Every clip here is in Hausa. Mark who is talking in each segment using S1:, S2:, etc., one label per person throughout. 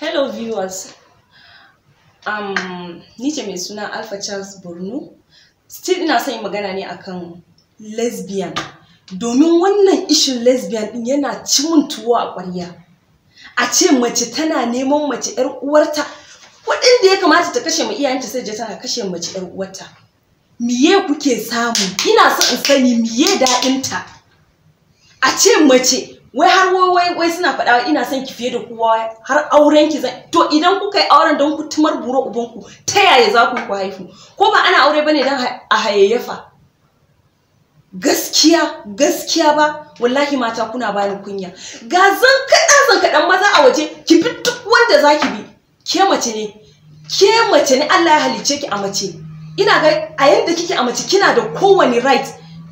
S1: Hello viewers, um, ni ce mai suna Alpha Charles Borno. Still ina son magana ne akan lesbian. Domin wannan ishin lesbian din yana cimin tuwo a ƙwarya. A ce mace tana neman mace ƴar uwarta da ya kamata ta kashe ma iyayenta sai je tana kashe mace ƴar uwarta. Miye kuke samu? Ina son in sani miye daɗinta. A ce mace wai har wai wai suna faɗa ina son ki fiye da kowa har auren ki zan to idan kuka yi auren don ku tumar buro ubanku ta yaya za ku ku haifu ko ba ana aure bane don a hayayyafa gaskiya gaskiya ba wallahi mata kuna bani kunya ga zan kaɗa zan kaɗan maza a waje ki bi duk wanda za ki bi ke mace ne ke mace ne Allah ya halicce ki a mace ina ga a yadda kike a mace kina da kowane right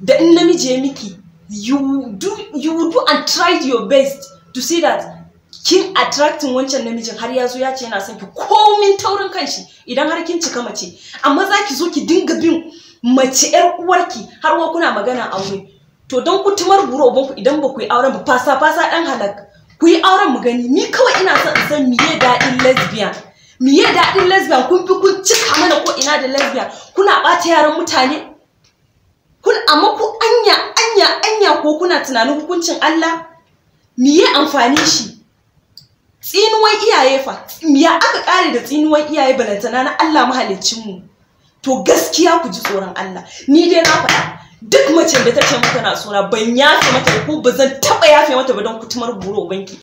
S1: da in namiji ya miki you do you will do and try your best to see that kin attracting wancan namijin har ya zo ya ce yana son ki komin taurin kanshi idan har kin cika mace amma za ki zo ki dinga bin mace yar uwarki har wa kuna magana aure to don ku tumar buru ku idan ba ku yi auren ba fasa fasa dan halak ku yi auren mu gani ni kawai ina son in san miye daɗin lesbian miye daɗin lesbian kun fi kun cika mana ko ina da lesbian kuna bata yaran mutane kun amma ku anya anya anya ko kuna tunanin hukuncin Allah Me ya amfani shi tsinuwar iyaye fa ya aka kare da tsinuwar iyaye balantana na Allah mahaliccin mu to gaskiya ku ji tsoron Allah ni dai na faɗa duk mace da ta ce mata na tsora ban yafe mata ko ba zan taɓa yafe mata ba don kutumar buro banki